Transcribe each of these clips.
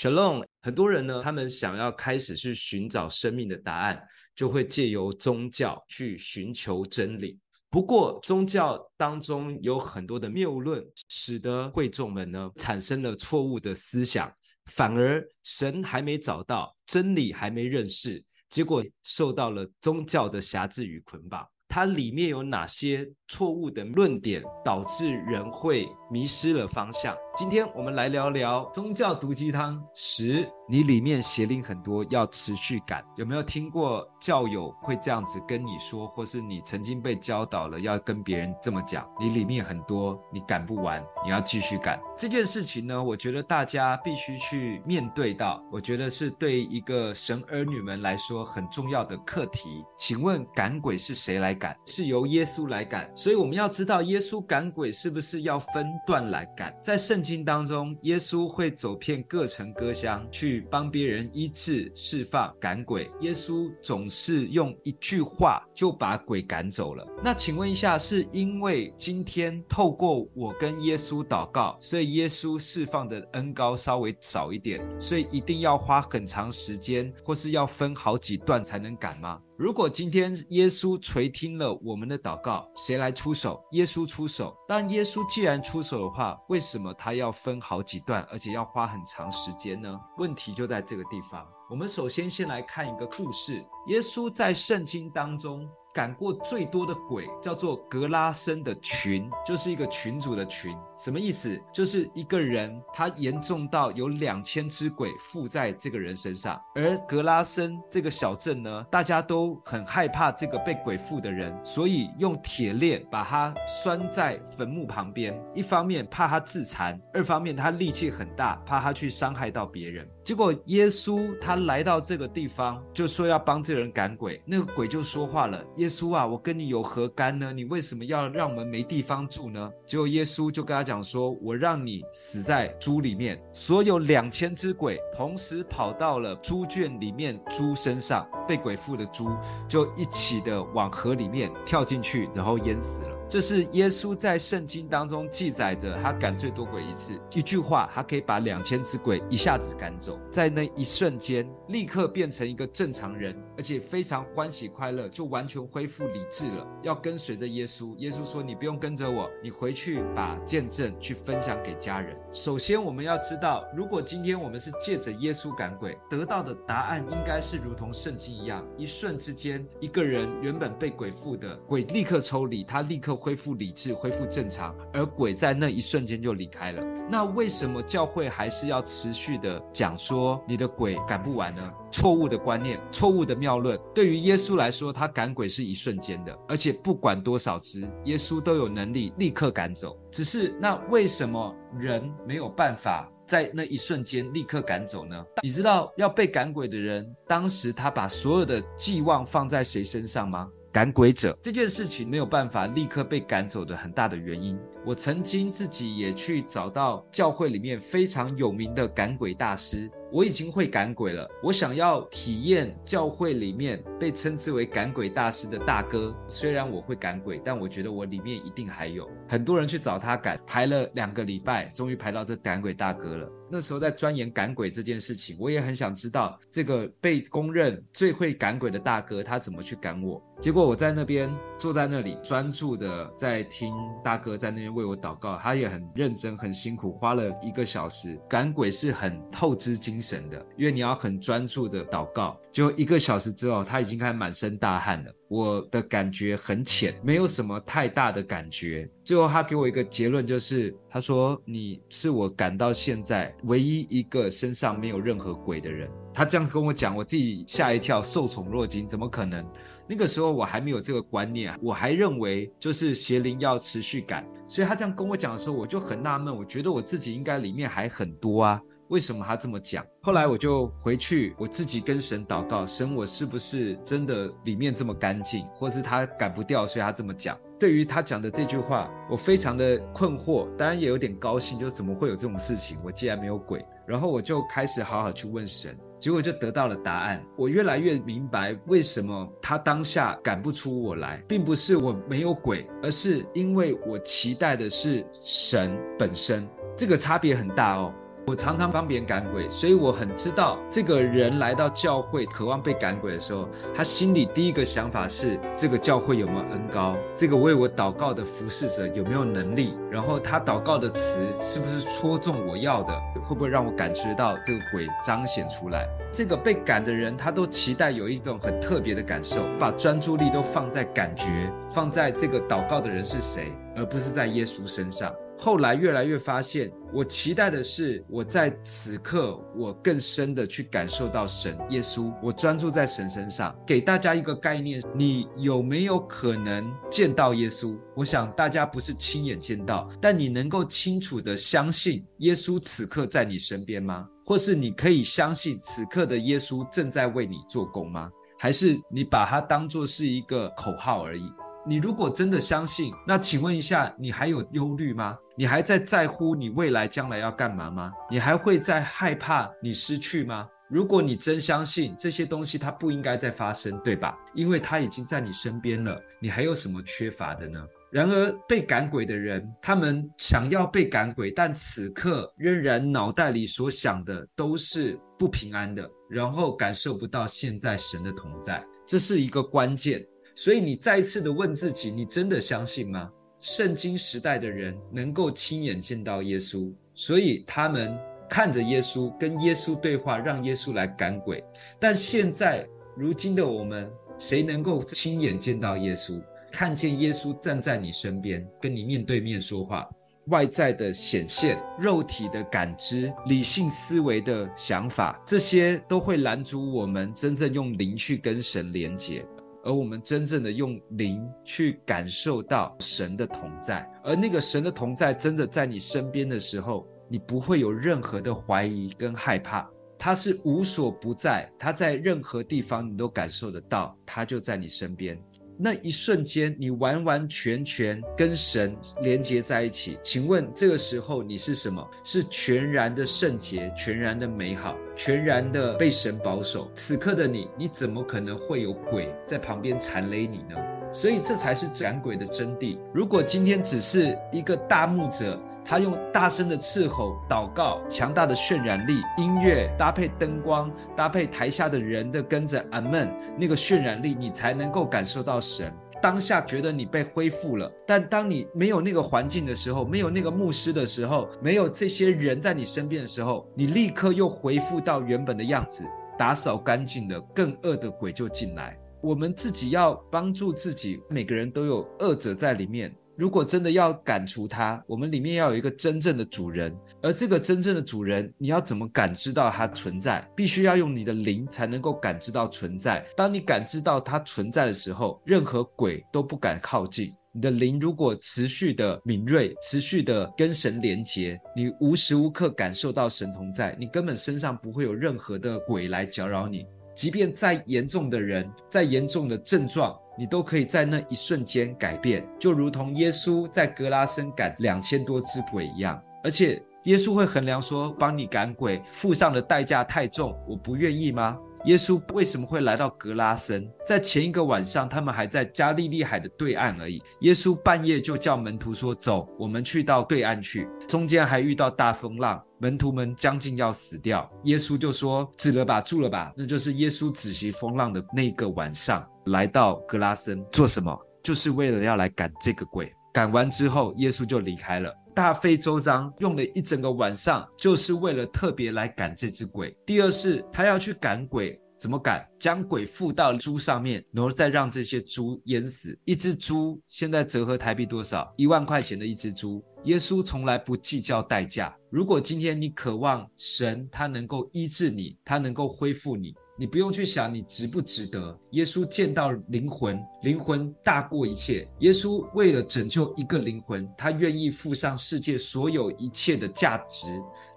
Shalom，很多人呢，他們想要開始去尋找生命的答案，就會借由宗教去尋求真理。不過，宗教當中有很多的謬論，使得會眾們呢產生了錯誤的思想，反而神還沒找到，真理還沒認識，結果受到了宗教的轄制與捆綁。它裡面有哪些錯誤的論點，導致人會迷失了方向？今天我們來聊聊宗教毒雞湯十。你裡面邪靈很多，要持續趕。有沒有聽過教友會這樣子跟你說，或是你曾經被教導了要跟別人這麼講？你裡面很多，你趕不完，你要繼續趕。這件事情呢，我覺得大家必須去面對到，我覺得是對一個神兒女們來說很重要的課題。請問趕鬼是誰來趕？是由耶穌來趕。所以我們要知道，耶穌趕鬼是不是要分段來趕？在聖經當中，耶穌會走遍各城各鄉去。幫別人醫治、釋放、趕鬼，耶穌總是用一句話就把鬼趕走了。那請問一下，是因為今天透過我跟耶穌禱告，所以耶穌釋放的恩膏稍微少一點，所以一定要花很長時間，或是要分好幾段才能趕嗎？如果今天耶穌垂聽了我們的禱告，誰來出手？耶穌出手。但耶穌既然出手的話，為什麼他要分好幾段，而且要花很長時間呢？問題。就在這個地方，我們首先先來看一個故事。耶穌在聖經當中。趕過最多的鬼叫做格拉森的群，就是一個群主的群，什麼意思？就是一個人他嚴重到有兩千隻鬼附在這個人身上，而格拉森這個小鎮呢，大家都很害怕這個被鬼附的人，所以用鐵鏈把他拴在墳墓旁邊，一方面怕他自殘，二方面他力氣很大，怕他去傷害到別人。結果耶穌他來到這個地方，就說要幫這個人趕鬼，那個鬼就說話了，耶。耶穌啊，我跟你有何干呢？你為什麼要讓我們沒地方住呢？結果耶穌就跟他講說：“我讓你死在豬裡面。所有兩千隻鬼同時跑到了豬圈裡面，豬身上被鬼附的豬就一起的往河裡面跳進去，然後淹死了。”這是耶穌在聖經當中記載的，他趕最多鬼一次，一句話，他可以把兩千隻鬼一下子趕走，在那一瞬間立刻變成一個正常人，而且非常歡喜快樂，就完全恢復理智了。要跟隨着耶穌，耶穌說：“你不用跟着我，你回去把見證去分享給家人。”首先，我們要知道，如果今天我們是借着耶穌趕鬼得到的答案，應該是如同聖經一樣，一瞬之間，一個人原本被鬼附的，鬼立刻抽離，他立刻。恢復理智，恢復正常，而鬼在那一瞬間就離開了。那為什麼教會還是要持續的講說你的鬼趕不完呢？錯誤的觀念，錯誤的謬論。對於耶穌來說，他趕鬼是一瞬間的，而且不管多少隻，耶穌都有能力立刻趕走。只是那為什麼人沒有辦法在那一瞬間立刻趕走呢？你知道要被趕鬼的人，當時他把所有的寄望放在誰身上嗎？趕鬼者這件事情沒有辦法立刻被趕走的很大的原因，我曾經自己也去找到教會裡面非常有名的趕鬼大師。我已經會趕鬼了，我想要體驗教會裡面被稱之為趕鬼大師的大哥。雖然我會趕鬼，但我覺得我裡面一定還有很多人去找他趕，排了兩個禮拜，終於排到這趕鬼大哥了。那時候在鑽研趕鬼這件事情，我也很想知道這個被公認最會趕鬼的大哥他怎麼去趕我。結果我在那邊。坐在那裡專注的在聽大哥在那邊為我禱告，他也很認真很辛苦，花了一個小時趕鬼是很透支精神的，因為你要很專注的禱告，就一個小時之後，他已經開始滿身大汗了。我的感覺很淺，沒有什麼太大的感覺。最後他給我一個結論，就是他說，你是我趕到現在唯一一個身上沒有任何鬼的人。他這樣跟我講，我自己嚇一跳，受寵若驚。怎麼可能？那個時候我還沒有這個觀念，我還認為就是邪靈要持續趕。所以他這樣跟我講的時候，我就很納悶，我覺得我自己應該裡面還很多啊。為什麼他這麼講？後來我就回去，我自己跟神禱告，神，我是不是真的裡面這麼乾淨，或是他趕不掉，所以他這麼講。對於他講的這句話，我非常的困惑，當然也有點高興，就怎麼會有這種事情？我既然沒有鬼，然後我就開始好好去問神，結果就得到了答案。我越來越明白，為什麼他當下趕不出我來，並不是我沒有鬼，而是因為我期待的是神本身，這個差別很大哦。我常常幫別人趕鬼，所以我很知道，這個人來到教會渴望被趕鬼的時候，他心裡第一個想法是：這個教會有沒有恩膏？這個為我禱告的服侍者有沒有能力？然後他禱告的詞是不是戳中我要的？會不會讓我感覺到這個鬼彰顯出來？這個被趕的人，他都期待有一種很特別的感受，把專注力都放在感覺，放在這個禱告的人是誰，而不是在耶穌身上。後來越來越發現，我期待的是，我在此刻，我更深的去感受到神耶穌。我專注在神身上，給大家一個概念：你有沒有可能見到耶穌？我想大家不是親眼見到，但你能夠清楚的相信耶穌此刻在你身邊嗎？或是你可以相信此刻的耶穌正在為你做工嗎？還是你把它當作是一個口號而已？你如果真的相信，那請問一下，你還有憂慮嗎？你還在在乎你未來將來要幹嘛嗎？你還會在害怕你失去嗎？如果你真相信這些東西，它不應該再發生，對吧？因為它已經在你身邊了，你還有什麼缺乏的呢？然而被趕鬼的人，他們想要被趕鬼，但此刻仍然腦袋裡所想的都是不平安的，然後感受不到現在神的同在。這是一個關鍵。所以你再一次的問自己：你真的相信嗎？聖經時代的人能夠親眼見到耶穌，所以他們看着耶穌，跟耶穌對話，讓耶穌來趕鬼。但現在，如今的我們，誰能夠親眼見到耶穌？看見耶穌站在你身邊，跟你面對面說話。外在的顯現、肉體的感知、理性思維的想法，這些都會攔阻我們真正用靈去跟神連接。而我們真正的用靈去感受到神的同在，而那個神的同在真的在你身邊的時候，你不會有任何的懷疑跟害怕，他是無所不在，他在任何地方你都感受得到，他就在你身邊。那一瞬間，你完完全全跟神連接在一起。請問，這個時候你是什麼？是全然的聖潔，全然的美好，全然的被神保守。此刻的你，你怎麼可能會有鬼在旁邊纏累你呢？所以，這才是趕鬼的真諦。如果今天只是一個大牧者，他用大聲的斥候禱告、強大的渲染力，音樂搭配燈光，搭配台下的人的跟着阿門，那個渲染力，你才能夠感受到神。當下覺得你被恢復了。但當你沒有那個環境的時候，沒有那個牧師的時候，沒有這些人在你身邊的時候，你立刻又恢復到原本的樣子，打掃乾淨的，更惡的鬼就進來。我們自己要幫助自己，每個人都有惡者在裡面。如果真的要趕除它，我們裡面要有一個真正的主人，而這個真正的主人，你要怎麼感知到它存在？必須要用你的靈才能夠感知到存在。當你感知到它存在的時候，任何鬼都不敢靠近。你的靈如果持續的敏銳，持續的跟神連接，你無時無刻感受到神同在，你根本身上不會有任何的鬼來攪擾你。即便再嚴重的人，再嚴重的症狀，你都可以在那一瞬間改變，就如同耶穌在格拉森趕兩千多隻鬼一樣。而且耶穌會衡量說，幫你趕鬼，付上的代價太重，我不願意嗎？耶穌為什麼會來到格拉森？在前一個晚上，他們還在加利利海的對岸而已。耶穌半夜就叫門徒說：“走，我們去到對岸去。”中間還遇到大風浪，門徒們將近要死掉。耶穌就說：“止了吧，住了吧。”那就是耶穌止息風浪的那個晚上。來到格拉森做什麼？就是為了要來趕這個鬼。趕完之後，耶穌就離開了，大費周章，用了一整個晚上，就是為了特別來趕這隻鬼。第二是，他要去趕鬼，怎麼趕？將鬼附到豬上面，然後再讓這些豬淹死。一隻豬現在折合台幣多少？一萬塊錢的一隻豬。耶穌從來不計較代價。如果今天你渴望神，他能夠醫治你，他能夠恢復你。你不用去想你值不值得。耶穌見到靈魂，靈魂大過一切。耶穌為了拯救一個靈魂，他願意附上世界所有一切的價值，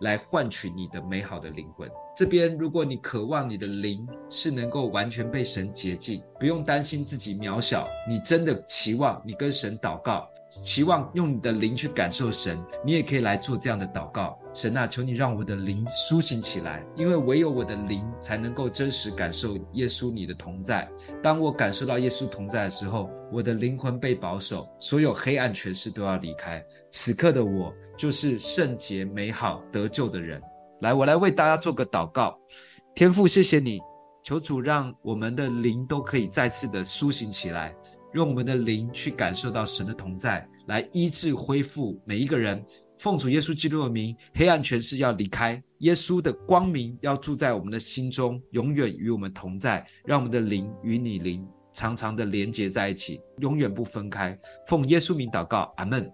來換取你的美好的靈魂。這邊，如果你渴望你的靈是能夠完全被神潔淨，不用擔心自己渺小，你真的期望你跟神禱告，期望用你的靈去感受神，你也可以來做這樣的禱告。神啊，求你讓我的靈甦醒起來，因為唯有我的靈才能夠真實感受耶穌你的同在。當我感受到耶穌同在的時候，我的靈魂被保守，所有黑暗權勢都要離開。此刻的我就是聖潔、美好、得救的人。來，我來為大家做個禱告，天父，謝謝你，求主讓我們的靈都可以再次的甦醒起來，用我們的靈去感受到神的同在，來醫治恢復每一個人。奉主耶穌基督的名，黑暗權勢要離開，耶穌的光明要住在我們的心中，永遠與我們同在，讓我們的靈與你靈常常的連接在一起，永遠不分開。奉耶穌名禱告，阿門。